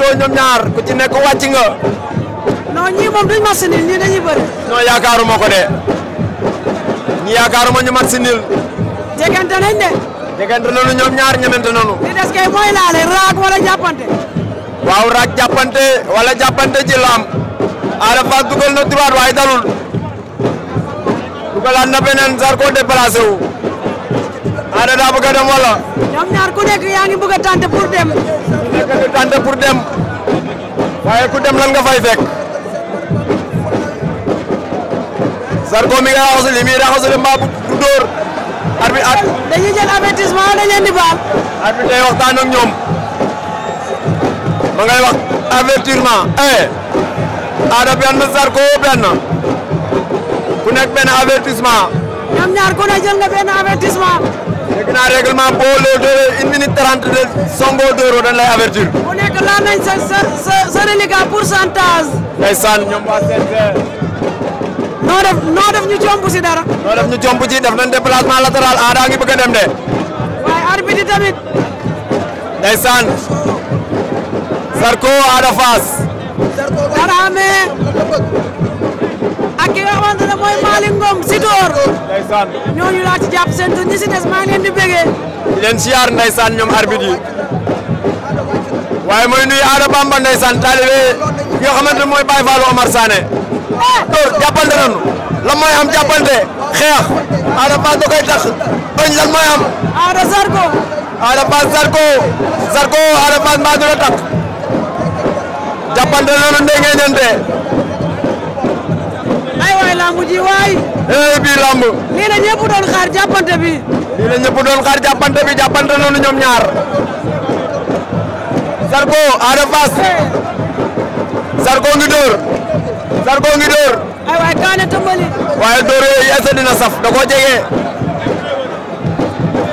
leetoo ñoom ñaar ku ci nekk wàcc nga. non ñii moom duñ match nul ñii dañuy bëri. ko de ñii yaakaaruma ñu match nul. jegante nañ de. jegante nañu ñoom ñaar ñemente nañu. li des kay laale raak wala jàppante. waaw raak jàppante wala jàppante ci laam. na droite waaye dalul. dugalaat na beneen Zarko Ada daa bëgg a ñoom ñaar ku nekk yaa ngi bëgg a tenter pour dem. nekk pour dem. waaye ku dem lan nga fay fekk. Zarko mi nga raxasu li muy raxasu li mbaa bu dóor. arbi at dañuy jël avertissement dañ leen di baal. arbi day waxtaan ak ñoom. ma ngay wax avertissement. Eh! Ada benn Zarko benn. ku nekk benn avertissement. ñoom ñaar ku ne jël nga benn avertissement. dégg naa règlement boo une minute trente de songoo dóoroo dañ lay avertir. ku nekk laal nañ sa sa sa sa reliquat pourcentage. ndeysaan ñoom waa CNG. noo def noo def ñu comp dara. noo def ñu comp ci def nañ déplacement dem de. waaye arbitre tamit. ndeysaan. Zarko Ada Fass. Zarko dara ak ki nga xamante ne mooy Malick Ngom Sitor. ñooñu laa ci jàpp seen si des maa ngi leen di bégee. di leen siyaar ndeysaan ñoom arbitre yi waaye mooy nuyu Ada Bamba ndeysaan taalibe ki xamante ne mooy Baye Fallou Omar Sané. Sitor jàppante nañu lan xeex Ada Fass tax bañ lan mooy am. Ada Zarko. Ada Fass Zarko Zarko Ada Fass ngeen ñeente. ay waay lamb ji waay. eh bii lamb. lii la ñëpp doon xaar jàppante bi. lii la ñëpp doon xaar jàppante bi jàppante noonu ñoom ñaar. Zarko Ada Fass. Zarko ngi dóor. Zarko ngi dóor. ay kaane tëmbali. waaye dóor yooyu est dina saf da koo jege.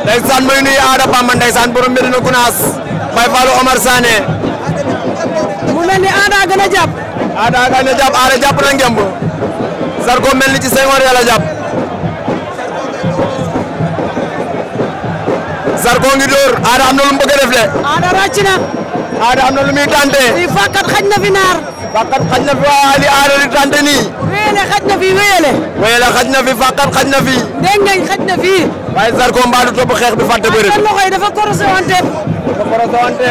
ndeysaan muy nuyu Ada Bamba ndeysaan borom mbiri na Gunaas. Baye Fallou Omar Sané. mu mel ni Ada gën a jàpp. Ada a jàpp jàpp na ngemb. Zarko mel ni ci Senghor ya la jàpp Zarko ngi Ada am na lu mu def le Ada ràcc Ada am na lu muy tànte fii fàkkat xaj na fi naar fàkkat xaj na fi waaye li Ada di nii wéyale xaj na fi wéyale wéyale xaj na fi fàkkat xaj na fi dégg xaj na fi waaye Zarko mbaa topp xeex bi fàtte bëri loxo yi dafa korosé wante dafa korosé wante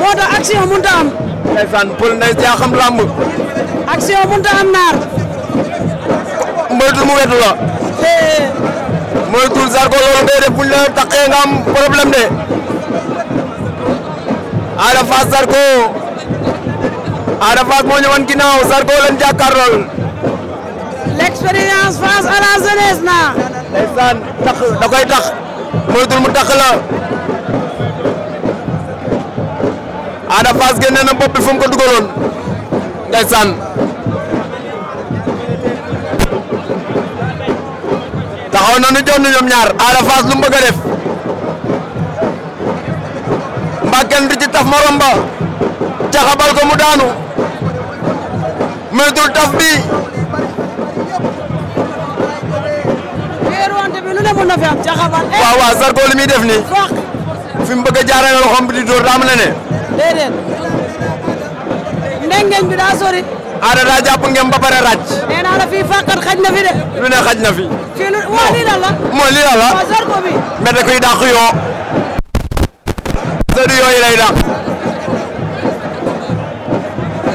moo tax action am ndeysaan pël nday jaa xam lamb action mënut a am naar moytul mu wetu la. moytul Zarko loolu ngay def buñ la nga am de. Ada Fass Zarko. Ada Fass moo ñëwoon ginnaaw Zarko lañ jàkkaarlool. l'expérience face à la jeunesse na. ndeysaan tax da koy tax. moytul mu tax la. Ada Fass génne na bopp bi fu xaw na nu jonn ñoom ñaar Ada Fass lu mu def mbaa kenn taf morom ba caxabal ko mu daanu moytul taf bi waaw waaw Zarko def nii fi mu bëgg a jaarale loxoom bi di dóor daa am leneen. daa sori. Ada daa jàpp ngeen ba pare ràcc. nee naa la fii xaj na fi de. lu ne xaj na fi. fii lu waaw lii lan la. mooy lii lan la. waaw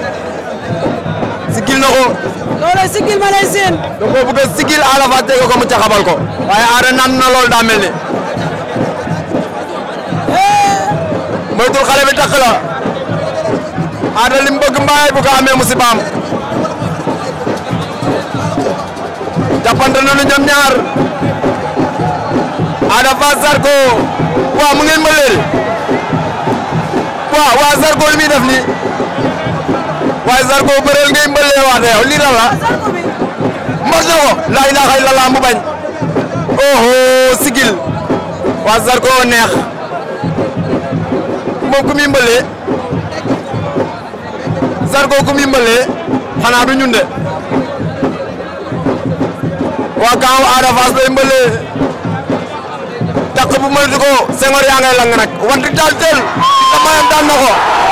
da sigil na ko. loolay sigil ma lay seen. da koo a sigil Ada Fass tege ko mu caxabal ko. waaye Ada naan na loolu daa mel ni. moytul xale bi la. Ada li mu mbaay bu ko amee musibaam. jàppante nañu ñoom ñaar Ada Fass Zarko waaw mu ngeen mbëleel waaw waa Zarko li muy def nii waaye Zarko bëreel ngay mbëlee waate yow lii lan la mos na ko laa ilaaha illallah bañ oho sigil waa Zarko neex moom ku muy mbëlee Zarko ku muy mbëlee xanaa du ñun de waa Kaaw Ada Fass lay takk bu moytu ko Senghor yaa lang nag wante daal teel te na ko.